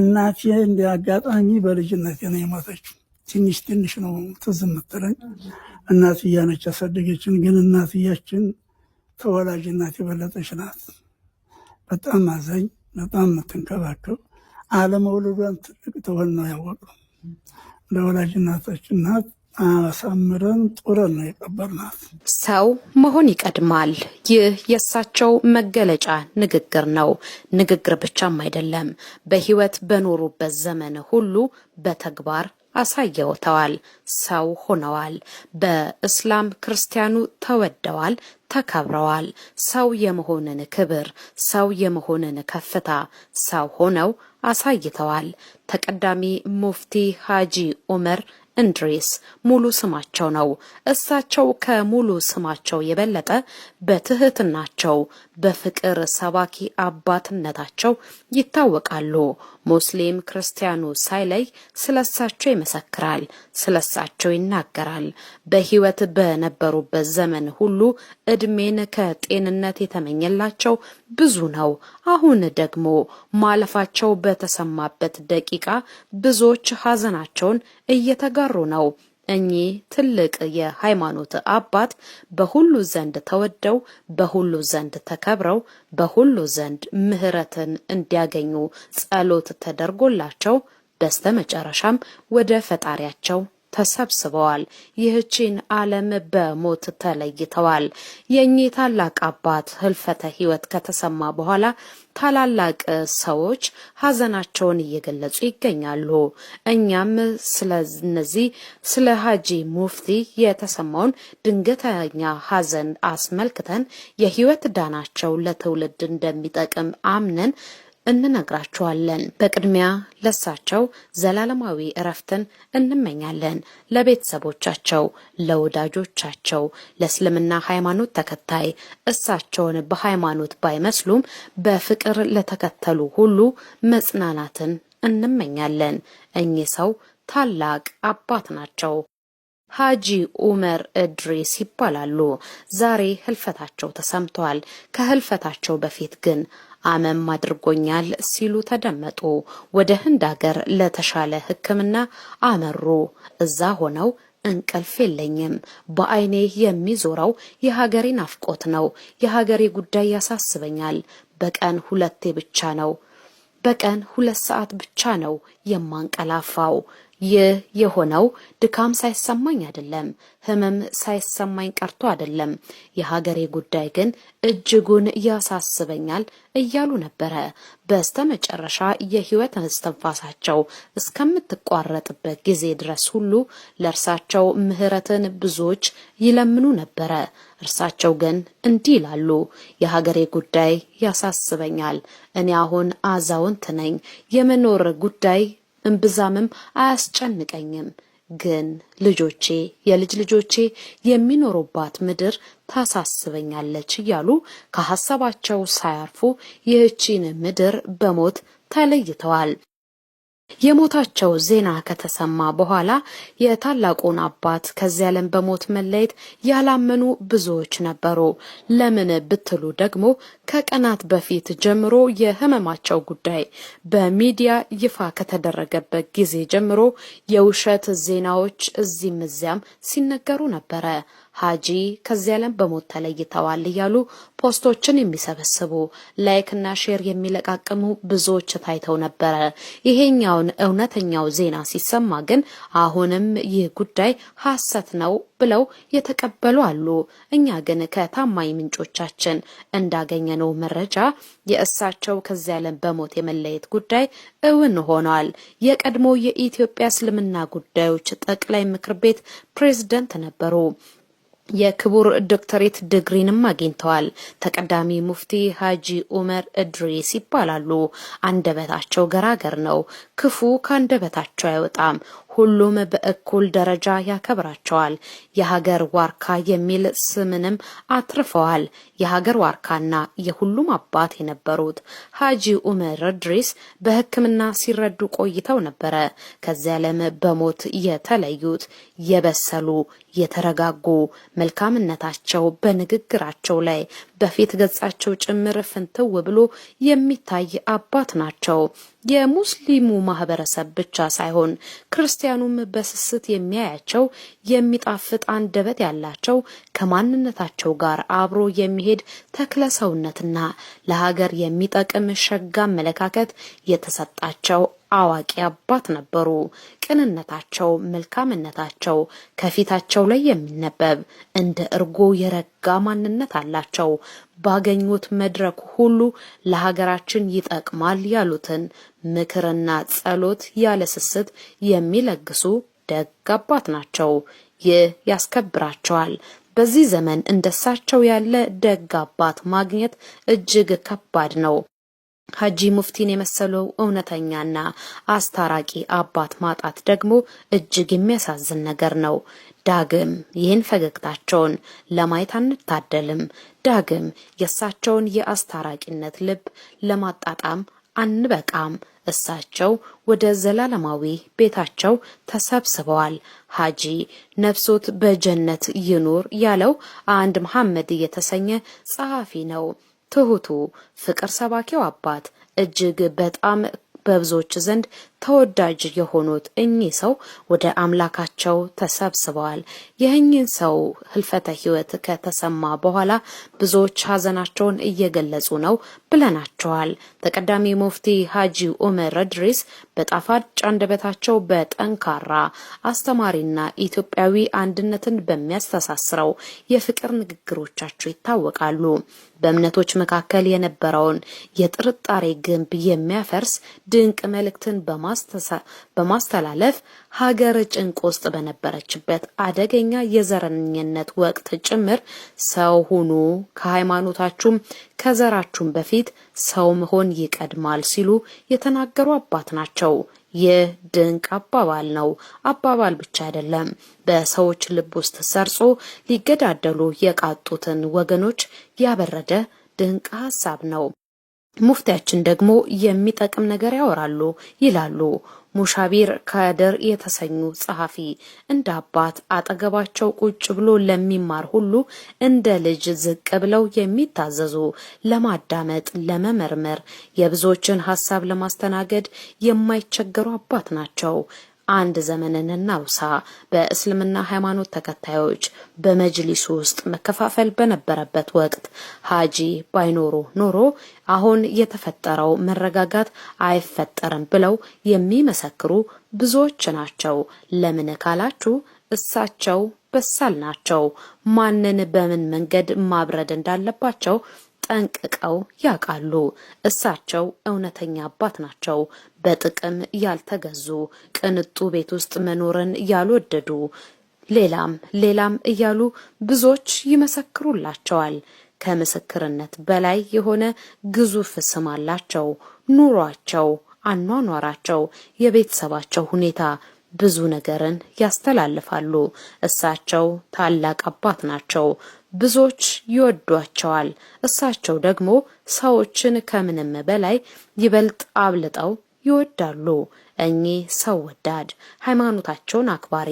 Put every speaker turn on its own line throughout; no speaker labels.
እናቴ እንደ አጋጣሚ በልጅነቴ ነው የሞተችው። ትንሽ ትንሽ ነው ትዝ የምትለኝ እናትያ ነች ያሳደገችን። ግን እናትያችን ተወላጅ እናት የበለጠች ናት። በጣም አዛኝ፣ በጣም የምትንከባከብ አለመውለዷን ትልቅ ተወል ነው ያወቀው። ለወላጅ እናታችን ናት አሳምረን ጡረን ነው የቀበርናት።
ሰው መሆን ይቀድማል። ይህ የእሳቸው መገለጫ ንግግር ነው። ንግግር ብቻም አይደለም፣ በህይወት በኖሩበት ዘመን ሁሉ በተግባር አሳየውተዋል። ሰው ሆነዋል። በእስላም ክርስቲያኑ ተወደዋል፣ ተከብረዋል። ሰው የመሆንን ክብር፣ ሰው የመሆንን ከፍታ ሰው ሆነው አሳይተዋል። ተቀዳሚ ሙፍቲ ሀጂ ኡመር እንድሬስ ሙሉ ስማቸው ነው። እሳቸው ከሙሉ ስማቸው የበለጠ በትህትናቸው በፍቅር ሰባኪ አባትነታቸው ይታወቃሉ። ሙስሊም ክርስቲያኑ ሳይለይ ስለሳቸው ይመሰክራል፣ ስለሳቸው ይናገራል። በህይወት በነበሩበት ዘመን ሁሉ እድሜን ከጤንነት የተመኘላቸው ብዙ ነው። አሁን ደግሞ ማለፋቸው በተሰማበት ደቂቃ ብዙዎች ሀዘናቸውን እየተጋ እየሰሩ ነው። እኚህ ትልቅ የሃይማኖት አባት በሁሉ ዘንድ ተወደው በሁሉ ዘንድ ተከብረው በሁሉ ዘንድ ምሕረትን እንዲያገኙ ጸሎት ተደርጎላቸው በስተመጨረሻም ወደ ፈጣሪያቸው ተሰብስበዋል። ይህችን ዓለም በሞት ተለይተዋል። የእኚህ ታላቅ አባት ህልፈተ ህይወት ከተሰማ በኋላ ታላላቅ ሰዎች ሀዘናቸውን እየገለጹ ይገኛሉ። እኛም ስለነዚህ ስለ ሀጂ ሙፍቲ የተሰማውን ድንገተኛ ሀዘን አስመልክተን የህይወት ዳናቸው ለትውልድ እንደሚጠቅም አምነን እንነግራችኋለን። በቅድሚያ ለሳቸው ዘላለማዊ እረፍትን እንመኛለን። ለቤተሰቦቻቸው፣ ለወዳጆቻቸው፣ ለእስልምና ሃይማኖት ተከታይ እሳቸውን በሃይማኖት ባይመስሉም በፍቅር ለተከተሉ ሁሉ መጽናናትን እንመኛለን። እኚህ ሰው ታላቅ አባት ናቸው። ሀጂ ኡመር እድሪስ ይባላሉ። ዛሬ ህልፈታቸው ተሰምተዋል። ከህልፈታቸው በፊት ግን አመም አድርጎኛል ሲሉ ተደመጡ። ወደ ህንድ ሀገር ለተሻለ ሕክምና አመሩ። እዛ ሆነው እንቅልፍ የለኝም፣ በአይኔ የሚዞረው የሀገሬ ናፍቆት ነው። የሀገሬ ጉዳይ ያሳስበኛል። በቀን ሁለቴ ብቻ ነው በቀን ሁለት ሰዓት ብቻ ነው የማንቀላፋው ይህ የሆነው ድካም ሳይሰማኝ አይደለም፣ ህመም ሳይሰማኝ ቀርቶ አይደለም። የሀገሬ ጉዳይ ግን እጅጉን ያሳስበኛል እያሉ ነበረ። በስተመጨረሻ የህይወት እስትንፋሳቸው እስከምትቋረጥበት ጊዜ ድረስ ሁሉ ለእርሳቸው ምህረትን ብዙዎች ይለምኑ ነበረ። እርሳቸው ግን እንዲህ ይላሉ፣ የሀገሬ ጉዳይ ያሳስበኛል። እኔ አሁን አዛውንት ነኝ። የመኖር ጉዳይ እምብዛምም አያስጨንቀኝም። ግን ልጆቼ፣ የልጅ ልጆቼ የሚኖሩባት ምድር ታሳስበኛለች እያሉ ከሀሳባቸው ሳያርፉ ይህቺን ምድር በሞት ተለይተዋል። የሞታቸው ዜና ከተሰማ በኋላ የታላቁን አባት ከዚህ ዓለም በሞት መለየት ያላመኑ ብዙዎች ነበሩ። ለምን ብትሉ ደግሞ ከቀናት በፊት ጀምሮ የሕመማቸው ጉዳይ በሚዲያ ይፋ ከተደረገበት ጊዜ ጀምሮ የውሸት ዜናዎች እዚህም እዚያም ሲነገሩ ነበረ። ሀጂ ከዚህ ዓለም በሞት ተለይተዋል እያሉ ፖስቶችን የሚሰበስቡ ላይክና ሼር የሚለቃቅሙ ብዙዎች ታይተው ነበረ። ይሄኛውን እውነተኛው ዜና ሲሰማ ግን አሁንም ይህ ጉዳይ ሐሰት ነው ብለው የተቀበሉ አሉ። እኛ ግን ከታማኝ ምንጮቻችን እንዳገኘነው መረጃ የእሳቸው ከዚህ ዓለም በሞት የመለየት ጉዳይ እውን ሆኗል። የቀድሞ የኢትዮጵያ እስልምና ጉዳዮች ጠቅላይ ምክር ቤት ፕሬዝደንት ነበሩ። የክቡር ዶክተሬት ድግሪንም አግኝተዋል። ተቀዳሚ ሙፍቲ ሀጂ ኡመር እድሪስ ይባላሉ። አንደበታቸው ገራገር ነው። ክፉ ከአንደበታቸው አይወጣም። ሁሉም በእኩል ደረጃ ያከብራቸዋል። የሀገር ዋርካ የሚል ስምንም አትርፈዋል። የሀገር ዋርካና የሁሉም አባት የነበሩት ሀጂ ኡመር እድሪስ በሕክምና ሲረዱ ቆይተው ነበረ ከዚህ ዓለም በሞት የተለዩት የበሰሉ የተረጋጉ መልካምነታቸው በንግግራቸው ላይ በፊት ገጻቸው ጭምር ፍንትው ብሎ የሚታይ አባት ናቸው። የሙስሊሙ ማህበረሰብ ብቻ ሳይሆን ክርስቲያኑም በስስት የሚያያቸው የሚጣፍጥ አንደበት ያላቸው ከማንነታቸው ጋር አብሮ የሚሄድ ተክለ ሰውነትና ለሀገር የሚጠቅም ሸጋ አመለካከት የተሰጣቸው አዋቂ አባት ነበሩ። ቅንነታቸው፣ መልካምነታቸው ከፊታቸው ላይ የሚነበብ እንደ እርጎ የረጋ የተጋ ማንነት አላቸው። ባገኙት መድረክ ሁሉ ለሀገራችን ይጠቅማል ያሉትን ምክርና ጸሎት ያለ ስስት የሚለግሱ ደግ አባት ናቸው። ይህ ያስከብራቸዋል። በዚህ ዘመን እንደሳቸው ያለ ደግ አባት ማግኘት እጅግ ከባድ ነው። ሀጂ ሙፍቲን የመሰለው እውነተኛና አስታራቂ አባት ማጣት ደግሞ እጅግ የሚያሳዝን ነገር ነው። ዳግም ይህን ፈገግታቸውን ለማየት አንታደልም። ዳግም የእሳቸውን የአስታራቂነት ልብ ለማጣጣም አንበቃም። እሳቸው ወደ ዘላለማዊ ቤታቸው ተሰብስበዋል። ሀጂ ነፍሶት በጀነት ይኑር ያለው አንድ መሐመድ የተሰኘ ጸሐፊ ነው። ትሁቱ ፍቅር ሰባኪው አባት እጅግ በጣም በብዙዎች ዘንድ ተወዳጅ የሆኑት እኚህ ሰው ወደ አምላካቸው ተሰብስበዋል። ይህኝን ሰው ህልፈተ ህይወት ከተሰማ በኋላ ብዙዎች ሀዘናቸውን እየገለጹ ነው ብለናቸዋል። ተቀዳሚ ሙፍቲ ሀጂ ኡመር እድሪስ በጣፋጭ አንደበታቸው በጠንካራ አስተማሪና ኢትዮጵያዊ አንድነትን በሚያስተሳስረው የፍቅር ንግግሮቻቸው ይታወቃሉ። በእምነቶች መካከል የነበረውን የጥርጣሬ ግንብ የሚያፈርስ ድንቅ መልእክትን በማ በማስተላለፍ ሀገር ጭንቅ ውስጥ በነበረችበት አደገኛ የዘረኝነት ወቅት ጭምር ሰው ሁኑ፣ ከሃይማኖታችሁም ከዘራችሁም በፊት ሰው መሆን ይቀድማል ሲሉ የተናገሩ አባት ናቸው። ይህ ድንቅ አባባል ነው። አባባል ብቻ አይደለም፣ በሰዎች ልብ ውስጥ ሰርጾ ሊገዳደሉ የቃጡትን ወገኖች ያበረደ ድንቅ ሀሳብ ነው። ሙፍቲያችን ደግሞ የሚጠቅም ነገር ያወራሉ ይላሉ። ሙሻቢር ከደር የተሰኙ ጸሐፊ እንደ አባት አጠገባቸው ቁጭ ብሎ ለሚማር ሁሉ እንደ ልጅ ዝቅ ብለው የሚታዘዙ ለማዳመጥ፣ ለመመርመር፣ የብዙዎችን ሀሳብ ለማስተናገድ የማይቸገሩ አባት ናቸው። አንድ ዘመንን እናውሳ። በእስልምና ሃይማኖት ተከታዮች በመጅሊሱ ውስጥ መከፋፈል በነበረበት ወቅት ሀጂ ባይኖሩ ኖሮ አሁን የተፈጠረው መረጋጋት አይፈጠርም ብለው የሚመሰክሩ ብዙዎች ናቸው። ለምን ካላችሁ እሳቸው በሳል ናቸው። ማንን በምን መንገድ ማብረድ እንዳለባቸው ጠንቅቀው ያውቃሉ። እሳቸው እውነተኛ አባት ናቸው። በጥቅም ያልተገዙ፣ ቅንጡ ቤት ውስጥ መኖርን ያልወደዱ፣ ሌላም ሌላም እያሉ ብዙዎች ይመሰክሩላቸዋል። ከምስክርነት በላይ የሆነ ግዙፍ ስም አላቸው። ኑሯቸው፣ አኗኗራቸው፣ የቤተሰባቸው ሁኔታ ብዙ ነገርን ያስተላልፋሉ። እሳቸው ታላቅ አባት ናቸው። ብዙዎች ይወዷቸዋል። እሳቸው ደግሞ ሰዎችን ከምንም በላይ ይበልጥ አብልጠው ይወዳሉ። እኚህ ሰው ወዳድ፣ ሃይማኖታቸውን አክባሪ፣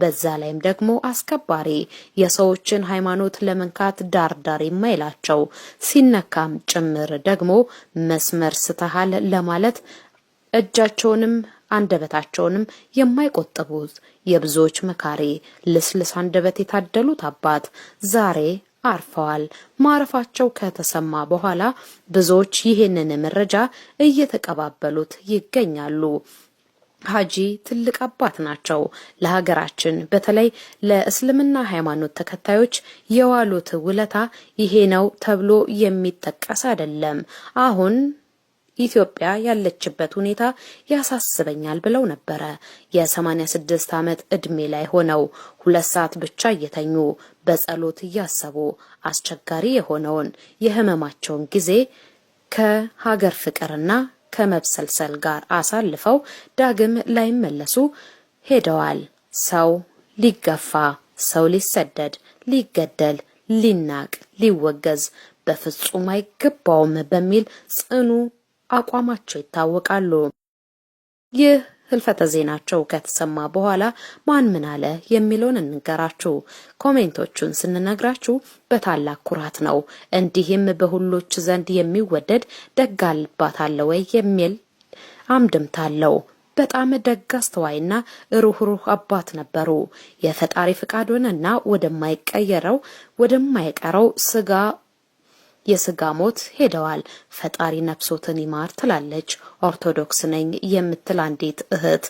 በዛ ላይም ደግሞ አስከባሪ፣ የሰዎችን ሃይማኖት ለመንካት ዳርዳር የማይላቸው ሲነካም ጭምር ደግሞ መስመር ስተሃል ለማለት እጃቸውንም አንደበታቸውንም የማይቆጥቡት የብዙዎች መካሪ ልስልስ አንደበት የታደሉት አባት ዛሬ አርፈዋል። ማረፋቸው ከተሰማ በኋላ ብዙዎች ይህንን መረጃ እየተቀባበሉት ይገኛሉ። ሀጂ ትልቅ አባት ናቸው። ለሀገራችን በተለይ ለእስልምና ሃይማኖት ተከታዮች የዋሉት ውለታ ይሄ ነው ተብሎ የሚጠቀስ አይደለም። አሁን ኢትዮጵያ ያለችበት ሁኔታ ያሳስበኛል ብለው ነበረ። የ86 ዓመት ዕድሜ ላይ ሆነው ሁለት ሰዓት ብቻ እየተኙ በጸሎት እያሰቡ አስቸጋሪ የሆነውን የህመማቸውን ጊዜ ከሀገር ፍቅርና ከመብሰልሰል ጋር አሳልፈው ዳግም ላይመለሱ ሄደዋል። ሰው ሊገፋ፣ ሰው ሊሰደድ፣ ሊገደል፣ ሊናቅ፣ ሊወገዝ በፍጹም አይገባውም በሚል ጽኑ አቋማቸው ይታወቃሉ። ይህ ህልፈተ ዜናቸው ከተሰማ በኋላ ማን ምን አለ የሚለውን እንገራችሁ። ኮሜንቶቹን ስንነግራችሁ በታላቅ ኩራት ነው። እንዲህም በሁሎች ዘንድ የሚወደድ ደግ አባት አለ ወይ የሚል አምድምታ አለው። በጣም ደግ አስተዋይና ሩህሩህ አባት ነበሩ። የፈጣሪ ፍቃድ ሆነና ወደማይቀየረው ወደማይቀረው ስጋ የስጋ ሞት ሄደዋል፣ ፈጣሪ ነፍሶትን ይማር ትላለች ኦርቶዶክስ ነኝ የምትል አንዲት እህት።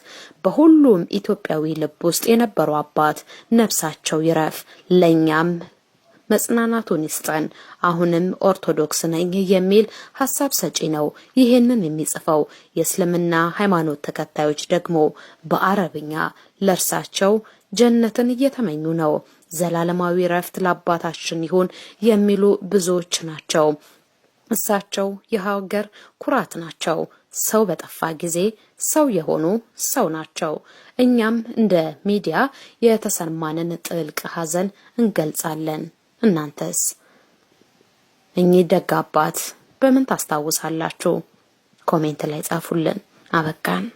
በሁሉም ኢትዮጵያዊ ልብ ውስጥ የነበሩ አባት ነፍሳቸው ይረፍ፣ ለእኛም መጽናናቱን ይስጠን። አሁንም ኦርቶዶክስ ነኝ የሚል ሀሳብ ሰጪ ነው ይህንን የሚጽፈው። የእስልምና ሃይማኖት ተከታዮች ደግሞ በአረብኛ ለእርሳቸው ጀነትን እየተመኙ ነው። ዘላለማዊ ረፍት ለአባታችን ይሁን የሚሉ ብዙዎች ናቸው። እሳቸው የሀገር ኩራት ናቸው። ሰው በጠፋ ጊዜ ሰው የሆኑ ሰው ናቸው። እኛም እንደ ሚዲያ የተሰማንን ጥልቅ ሐዘን እንገልጻለን። እናንተስ እኚህ ደግ አባት በምን ታስታውሳላችሁ? ኮሜንት ላይ ጻፉልን። አበቃን።